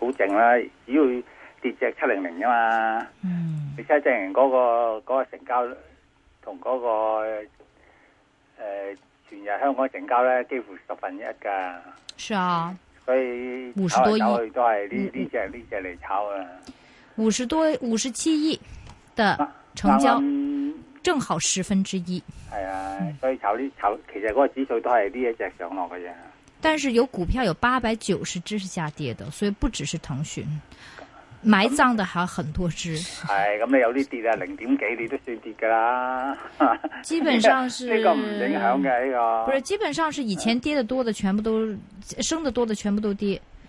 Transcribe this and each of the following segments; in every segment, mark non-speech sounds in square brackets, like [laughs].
好靜啦、啊，只要跌隻七零零啊嘛，而且七零零嗰個、那個成交同嗰、那個誒、呃、全日香港成交咧，幾乎十分之一噶。係啊，所以五十多億都係呢呢隻呢隻嚟炒啊。五十多五十七億的成交正好十分之一。係、嗯、啊，所以炒啲炒，其實嗰個指數都係呢一隻上落嘅啫。但是有股票有八百九十隻是下跌的，所以不只是騰訊，埋葬的還有很多隻。係、嗯，咁、 [laughs] 哎、你有啲跌啊零點幾，你都算跌噶啦。 [laughs] 基本上是。呢 [laughs] 個唔影響嘅呢、這個。不是，基本上是以前跌得多嘅全部都、嗯、升得多嘅全部都跌。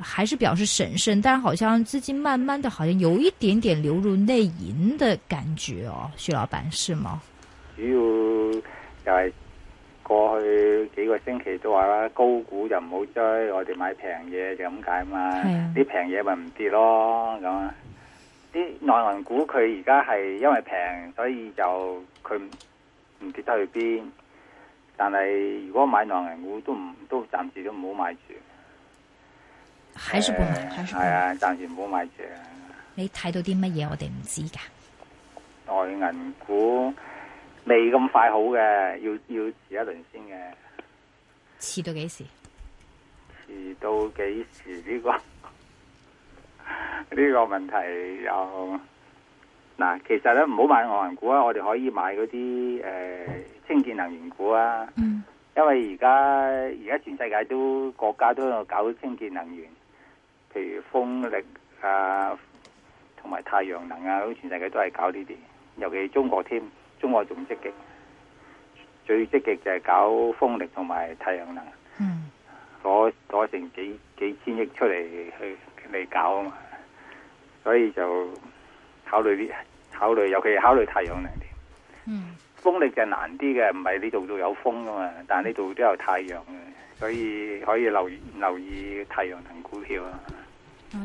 還是表示審慎，但係好像資金慢慢的好像有一點點流入內銀的感覺哦，徐老闆是嗎？主要就係過去幾個星期都話啦，高股就唔好追，我哋買平嘢就咁解嘛。啲平嘢咪唔跌咯咁，啲內銀股佢而家係因為平，所以就佢唔唔跌得去邊。但係如果買內銀股都唔都暫時都唔好買住。喺住半日，係啊，暫、啊啊、時唔好買住。你睇到啲乜嘢？我哋唔知噶。外銀股未咁快好嘅，要要遲一輪先嘅。遲到幾時？遲到幾時呢、呢個呢、呢個問題有。嗱，其實咧唔好買外銀股啊，我哋可以買嗰啲誒清潔能源股啊，嗯。因為而家而家全世界都國家都有搞清潔能源。譬如風力啊，同埋太陽能啊，全世界都係搞呢啲，尤其中國添，中國仲積極，最積極就係搞風力同埋太陽能。嗯，攞攞成幾幾千億出嚟去嚟搞啊嘛，所以就考慮啲，考慮尤其係考慮太陽能啲。嗯，風力就難啲嘅，唔係呢度都有風啊嘛，但係呢度都有太陽嘅。所以可以留意，留意太陽能股票啊！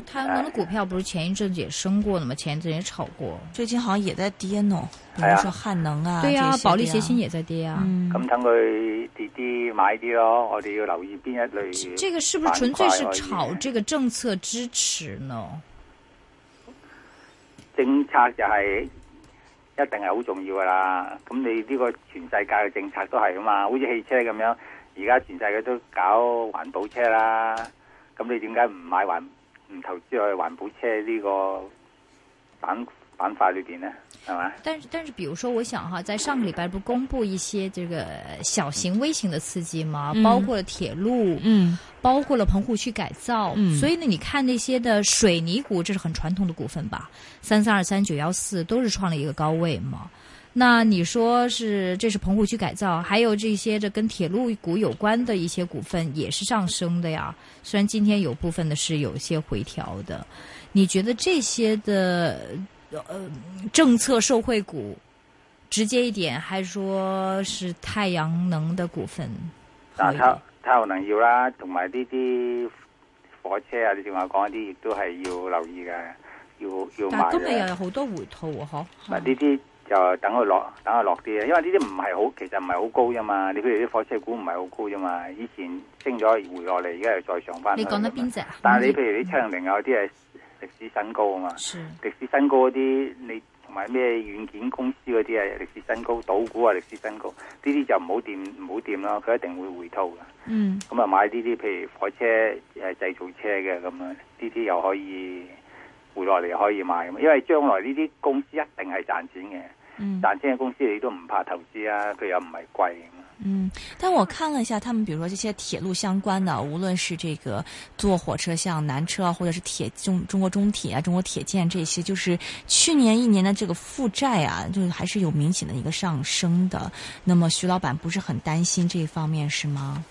太陽能的股票不是前一陣子也升過嘛、哎？前一陣也炒過，最近好像也在跌咯。比如說，漢能啊，對、哎、啊，保利協鑫也在跌啊。咁等佢跌啲，買啲咯。我哋要留意邊一類呢？這個是不是純粹是炒這個政策支持呢？政策就係、是、一定係好重要噶啦。咁你呢個全世界嘅政策都係啊嘛，好似汽車咁樣。而家全世界都搞環保車啦，咁你點解唔買環唔投資去環保車呢個板板塊裏邊呢？係嘛？但但是，但是比如說我想哈，在上個禮拜不公布一些這個小型微型的刺激嘛，包括了鐵路，嗯，包括了棚戶區改造，嗯，所以呢，你看那些的水泥股，這是很傳統的股份吧？三三二三、九幺四都是創了一個高位嘛。那你說是，這是棚戶區改造，還有這些這跟鐵路股有關的一些股份也是上升的呀。雖然今天有部分的是有些回調的，你覺得這些的呃政策受惠股，直接一點，還說是太陽能的股份？那太太陽能要啦，同埋呢啲火車啊，你正話講一啲都係要留意噶，要要買啦。但今日又有，有多頭好多回吐啊，嗬？呢啲。就等佢落，等佢落啲啊！因為呢啲唔係好，其實唔係好高啫嘛。你譬如啲火車股唔係好高啫嘛，以前升咗，回落嚟，而家又再上翻。你講得邊隻？但係你譬如你昌玲啊，啲係歷史新高啊嘛，歷史新高嗰啲，你同埋咩軟件公司嗰啲啊，歷史新高，賭股啊歷史新高，呢啲就唔好掂，唔好掂啦，佢一定會回吐噶。嗯。咁啊，買呢啲譬如火車誒製造車嘅咁啊，呢啲又可以。回來你可以買，因為將來呢啲公司一定係賺錢嘅。嗯，賺錢嘅公司你都唔怕投資啊！佢又唔係貴。嗯，但我看了一下，他們，比如說這些鐵路相關的，無論是這個坐火車，像南車啊，或者是鐵中中國中鐵啊、中國鐵建這些，就是去年一年的這個負債啊，就還是有明顯的一個上升的。那麼徐老板不是很擔心這一方面是嗎？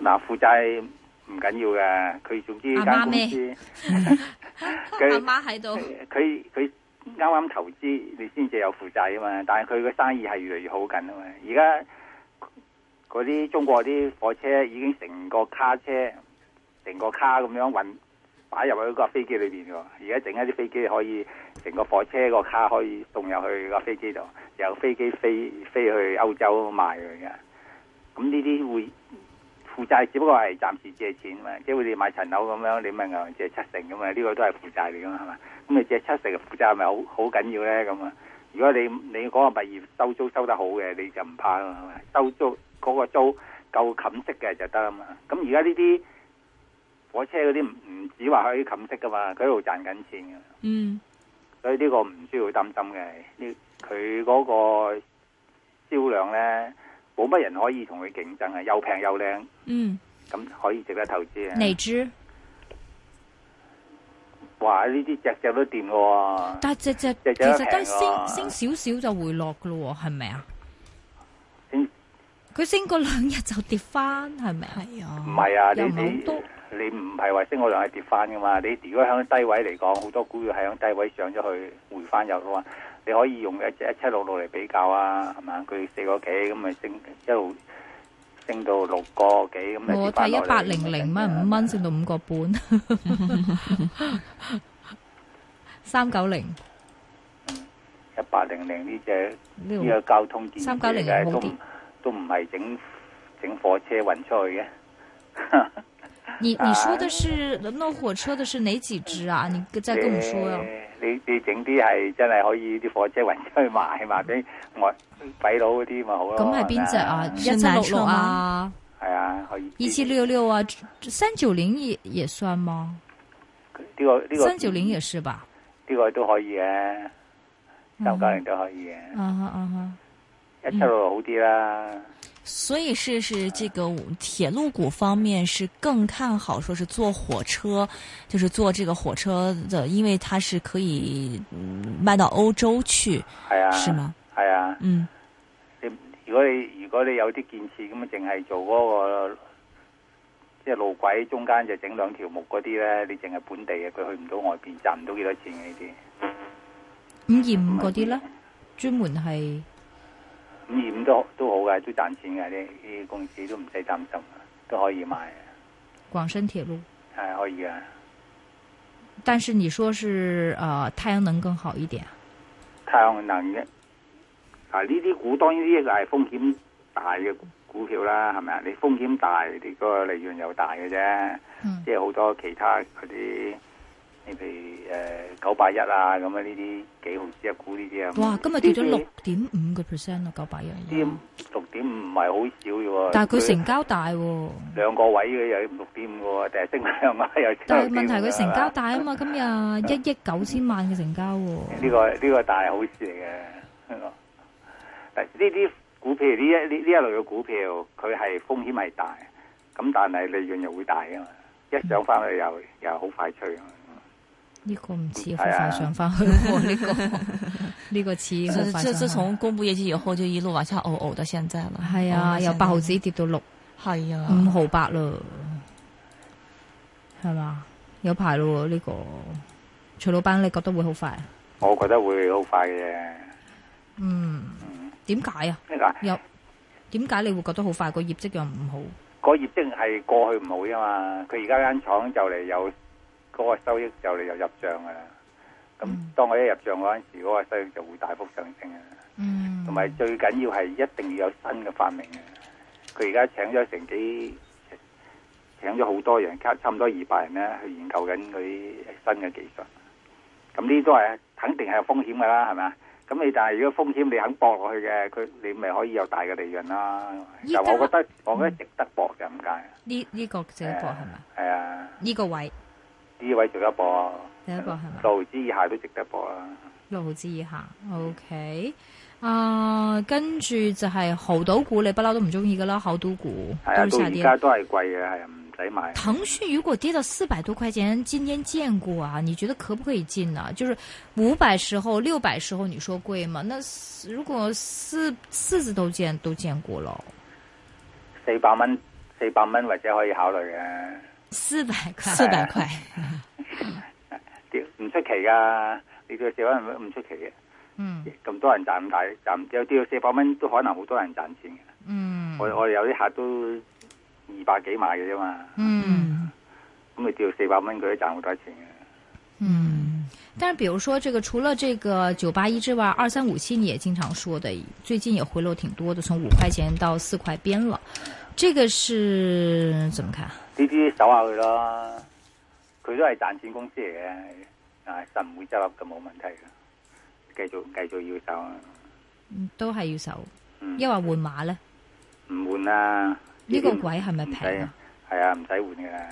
那負債。唔緊要嘅，佢總之間公司，佢阿媽喺度，佢佢啱啱投資，你先至有負債啊嘛。但係佢嘅生意係越嚟越好緊啊嘛。而家嗰啲中國啲火車已經成個卡車，成個卡咁樣運擺入去個飛機裏邊嘅。而家整一啲飛機可以，成個火車個卡可以送入去個飛機度，由飛機飛飛去歐洲賣佢嘅。咁呢啲會。負債只不過係暫時借錢嘛，即係我哋買層樓咁樣，你咪銀借七成咁啊，呢個都係負債嚟噶嘛，係嘛？咁你借七成嘅負債咪好好緊要咧，咁啊？如果你你嗰個物業收租收得好嘅，你就唔怕啦，係咪？收租嗰個租夠冚息嘅就得啊嘛。咁而家呢啲火車嗰啲唔唔只話可以冚息噶嘛，佢喺度賺緊錢嘅。嗯，所以呢個唔需要擔心嘅，呢佢嗰個銷量咧。冇乜人可以同佢競爭啊！又平又靚，嗯，咁可以值得投資啊！哪支？哇！呢啲隻只都掂喎，但係只隻其實都升升少少就回落嘅咯，係咪啊？佢升，佢升過兩日就跌翻，係咪啊？係啊，唔係啊，你你唔係話升過兩日跌翻嘅嘛？你如果響低位嚟講，好多股票係響低位上咗去回翻入嘅話。你可以用一隻一七六六嚟比較啊，係嘛？佢四個幾咁咪升，一路升到六個幾咁，跌翻落嚟。我睇一百零零蚊五蚊升到五個半，三九零。一百零零呢隻呢個交通三九零都唔都唔係整整火車運出去嘅。你而說的是坐火車的是哪幾隻啊？你再跟我說啊。你你整啲係真係可以啲火車運出去賣嘛？俾外鬼佬嗰啲咪好咯。咁係邊隻啊？一七六六啊？係啊，可以。一七六六啊？三九零也也算嗎？呢、這個呢、這個三九零也是吧？呢、這個都可以嘅、啊，三九零都可以嘅、啊。嗯哼、啊啊、嗯哼，一七六六好啲啦。所以是是這個鐵路股方面是更看好，說是坐火車，就是坐這個火車的，因為它是可以嗯賣到歐洲去，係、嗯、啊，是嗎？係啊，啊，嗯，如果你如果你有啲建設咁啊，淨係做嗰、那個即係、就是、路軌中間就整兩條木嗰啲咧，你淨係本地嘅，佢去唔到外邊，賺唔到幾多錢嘅、嗯、呢啲。五二五嗰啲咧，專門係。五都都好嘅，都賺錢嘅，呢啲公司都唔使擔心，都可以買。廣深鐵路係可以啊，但是你說是啊、呃，太陽能更好一點、啊。太陽能嘅，啊呢啲股當然呢個係風險大嘅股票啦，係咪啊？你風險大，你個利潤又大嘅啫、嗯，即係好多其他嗰啲。你譬如誒九百一啊，咁樣呢啲幾毫子一股呢啲啊？哇！今日跌咗六點五個 percent 咯，九八一。啲六點五唔係好少嘅喎。但係佢成交大。兩個位嘅又六點五嘅，定係升兩蚊又。但係問題佢成交大啊嘛，今日一億九千萬嘅成交。呢個呢個大好事嚟嘅。誒，呢啲股票呢一呢呢一類嘅股票，佢係風險係大，咁但係利潤又會大啊嘛！一上翻去又又好快脆啊嘛！呢、這個唔似好快上翻去，呢個呢個似。自自自從公布業績以後，就一路往下嘔嘔到現在啦。係啊，由八毫子跌到六，係啊，五毫八咯，係嘛，有排咯呢個。徐老闆，你覺得會好快？我覺得會好快嘅。嗯，點解啊？有，點解你會覺得好快？個業績又唔好。個業績係過去唔好啊嘛，佢而家間廠就嚟有。嗰、那個收益，就你又入賬噶啦，咁當我一入賬嗰陣時，嗰、那個收益就會大幅上升啊！同、嗯、埋最緊要係一定要有新嘅發明啊！佢而家請咗成幾請咗好多人，差唔多二百人咧去研究緊佢新嘅技術。咁呢都係肯定係有風險噶啦，係咪啊？咁你但係如果風險你肯搏落去嘅，佢你咪可以有大嘅利潤啦。就、這個、我覺得，我覺得值得搏嘅，唔、嗯、解，呢呢、這個這個值得搏係咪？係啊。呢、這個位置。呢位做一博啊，第一個係咪？六毫子以下都值得播啊！六毫子以下，OK。啊、呃，跟住就係濠賭股，你不嬲、啊、都唔中意噶啦，濠賭股都下跌都而家都係貴嘅，係啊，唔使買。騰訊如果跌到四百多塊錢，今天見過啊？你覺得可不可以進啊？就是五百時候、六百時候，你說貴嘛？那如果四四字頭都見都見過咯，四百蚊、四百蚊或者可以考慮嘅。四百塊，四百、啊、塊，唔、啊、 [laughs] 出奇噶，你做小玩唔唔出奇嘅，嗯，咁多人賺唔大賺，有啲有四百蚊都可能好多人賺錢嘅，嗯，我我有啲客都二百幾買嘅啫嘛，嗯，咁啊，只要四百蚊佢都賺好多錢嘅。嗯，但係比如說這個除了這個九八一之外，二三五七你也經常說的，最近也回落挺多的，從五塊錢到四塊邊了。呢啲守下佢咯，佢都係賺錢公司嚟嘅，但係唔會執笠就冇問題嘅，繼續繼續要守、啊嗯。都係要守，因為換馬咧，唔換啊呢、呢個鬼係咪平？係啊，唔使換嘅。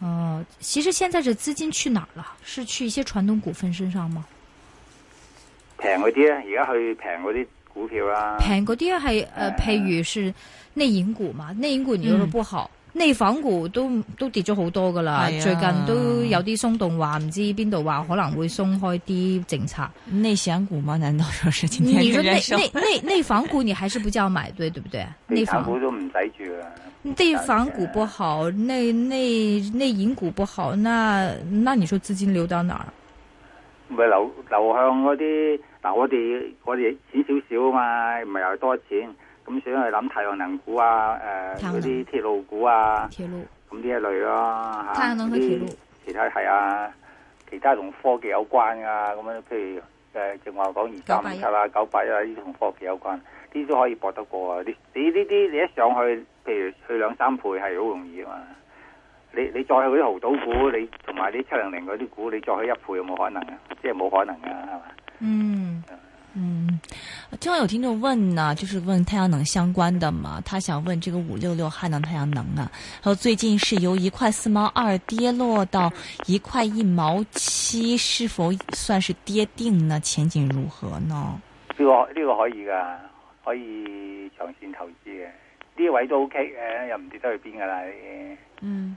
哦，其實現在這資金去哪啦？是去一些傳統股份身上嗎？平嗰啲啊，而家去平嗰啲股票啦。平嗰啲係誒，譬如是。內銀股嘛，內銀股你又說不好，內、嗯、房股都都跌咗好多噶啦，哎，最近都有啲鬆動話，話唔知邊度話可能會鬆開啲政策。內險股嗎？難道說是？你說內內內內房股，你還是不叫買，對，對不對？內 [laughs] 房股都唔使住啦。內房股不好，內內內銀股不好，那那你說資金流到哪？唔係流流向嗰啲，嗱我哋我哋錢少少啊嘛，唔係又多錢。咁想去諗太陽能股啊，誒嗰啲鐵路股啊，咁呢一類咯，吓、啊、啲其他係啊，其他同科技有關啊，咁樣譬如誒正話講二三五七啊，九八一啊，呢啲同科技有關，呢啲都可以搏得過啊，你你呢啲你一上去，譬如去兩三倍係好容易啊嘛，你你再去啲豪賭股，你同埋啲七零零嗰啲股，你再去一倍有冇可能啊？即係冇可能噶係嘛？嗯。嗯，正好有聽眾問呢，就是問太陽能相關的嘛，他想問這個五六六漢能太陽能啊，和最近是由一塊四毛二跌落到一塊一毛七，是否算是跌定呢？前景如何呢？呢個呢個可以噶，可以長線投資嘅，呢位都 OK 嘅、呃，又唔跌得去邊噶啦，嗯。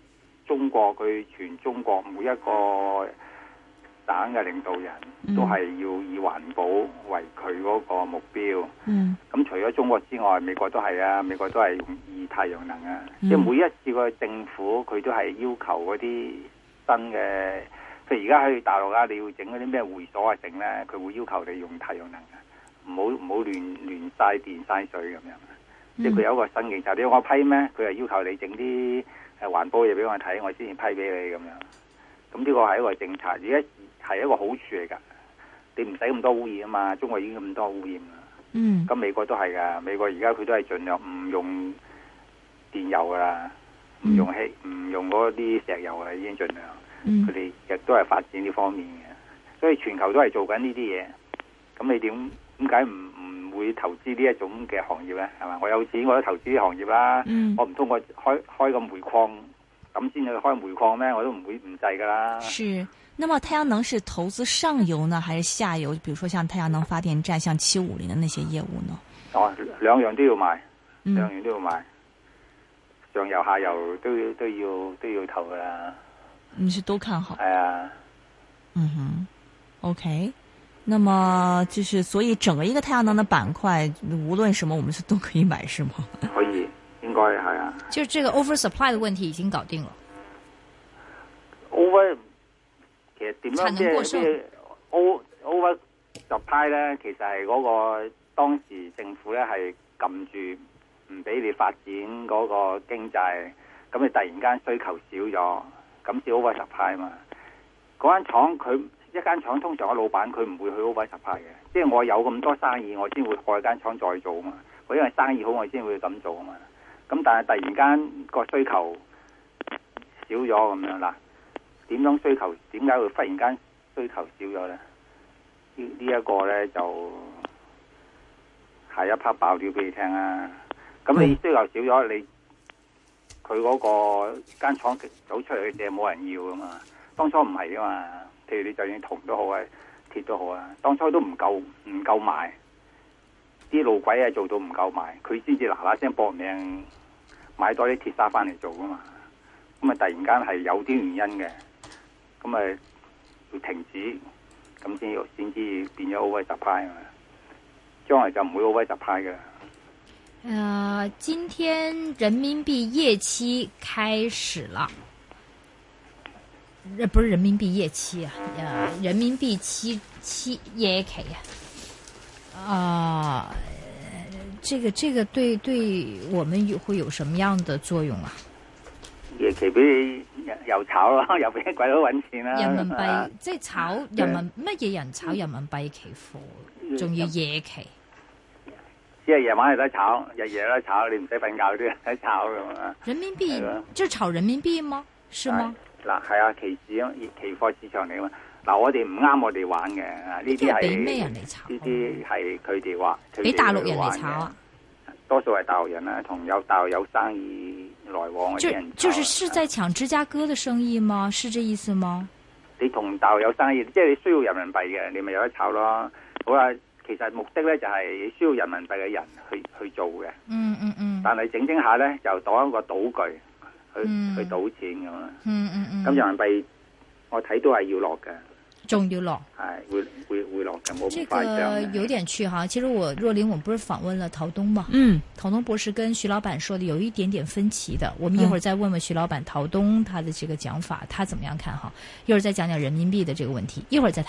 中國佢全中國每一個省嘅領導人，都係要以環保為佢嗰個目標。咁、嗯、除咗中國之外，美國都係啊，美國都係用二太陽能啊。即、嗯、係每一次個政府佢都係要求嗰啲新嘅，譬如而家喺大陸啊，你要整嗰啲咩會所啊，整咧，佢會要求你用太陽能啊，唔好唔好亂亂晒電晒水咁樣。嗯、即係佢有一個新嘅，就你有個批咩？佢係要求你整啲。係環保嘢俾我睇，我先至批俾你咁樣。咁呢個係一個政策，而家係一個好處嚟噶。你唔使咁多污染啊嘛，中國已經咁多污染啦。嗯。咁美國都係噶，美國而家佢都係盡量唔用電油噶啦，唔用氣，mm. 唔用嗰啲石油啊，已經盡量。佢哋亦都係發展呢方面嘅，所以全球都係做緊呢啲嘢。咁你點？點解唔？會投資呢一種嘅行業咧，係嘛？我有錢我都投資啲行業啦，啊嗯。我唔通過開開個煤礦咁先去開煤礦咩？我都唔會唔制噶啦。是，那麼太陽能是投資上游呢，還是下游？比如說像太陽能發電站，像七五零的那些業務呢？哦，兩樣都要買，兩樣都要買，嗯，都要買上游下游都要都要都要投噶啦。你是都看好？係啊。嗯哼，OK。那麼就是，所以整個一個太陽能的板塊，無論什麼，我們是都可以買，是嗎？可以，應該係啊。就這個 oversupply 的問題已經搞定了。over 其實點樣即係 over supply 呢，其實係嗰個當時政府咧係撳住唔俾你發展嗰個經濟，咁你突然間需求少咗，咁 oversupply 嘛？嗰間廠佢。一間廠通常我老闆佢唔會去 over supply 嘅，即係我有咁多生意，我先會開間廠再做啊嘛。我因為生意好，我先會咁做啊嘛。咁但係突然間個需求少咗咁樣嗱，點樣需求點解會忽然間需求少咗咧？呢個、呢呢一個咧就係一 part 爆料俾你聽啊。咁你需求少咗，你佢嗰個間廠走出嚟嘅嘢冇人要啊嘛。當初唔係啊嘛。譬如你就算銅都好啊，鐵都好啊，當初都唔夠唔夠賣，啲路軌啊做到唔夠賣，佢先至嗱嗱聲搏命買多啲鐵砂翻嚟做噶嘛，咁啊突然間係有啲原因嘅，咁啊要停止，咁先又先至變咗高位窄派啊，將來就唔會高位窄派噶啦。誒、呃，今天人民幣夜期開始了。不是人民幣夜期啊，啊，人民幣期期夜期呀、啊，啊，這個這個對對我們會有什麼樣的作用啊？夜期俾又炒咯，又俾人鬼佬搵錢啦、啊。人民幣即係炒人民乜嘢人炒人民幣期貨？仲、嗯、要夜期？即係夜晚又得炒，日夜都炒，你唔使瞓覺，都係喺炒咁啊。人民幣就炒人民幣嗎？是嗎？哎嗱，係啊，期市啊，期貨市場嚟啊嘛。嗱，我哋唔啱我哋玩嘅，呢啲係俾咩人嚟炒呢啲係佢哋話，俾大陸人嚟炒啊。多數係大陸人啊，同有大陸有生意來往嘅人。就就是是在搶芝加哥嘅生意嗎？是這意思嗎？你同大陸有生意，即係你需要人民幣嘅，你咪有得炒咯。好啊，其實目的咧就係需要人民幣嘅人去去做嘅。嗯嗯嗯。但係整整下咧，就當一個賭具。去去賭錢咁。嗯。咁人民幣我睇都係要落嘅，仲要落係會會會落嘅，冇咁誇張。即係呢個有點趣。哈，其實我若琳，我們不是訪問了陶東嘛？嗯，陶東博士跟徐老闆說的有一點點分歧的，我們一會兒再問問徐老闆，陶東他的這個講法，嗯，他怎麼樣看哈？一會兒再講講人民幣的這個問題，一會兒再談。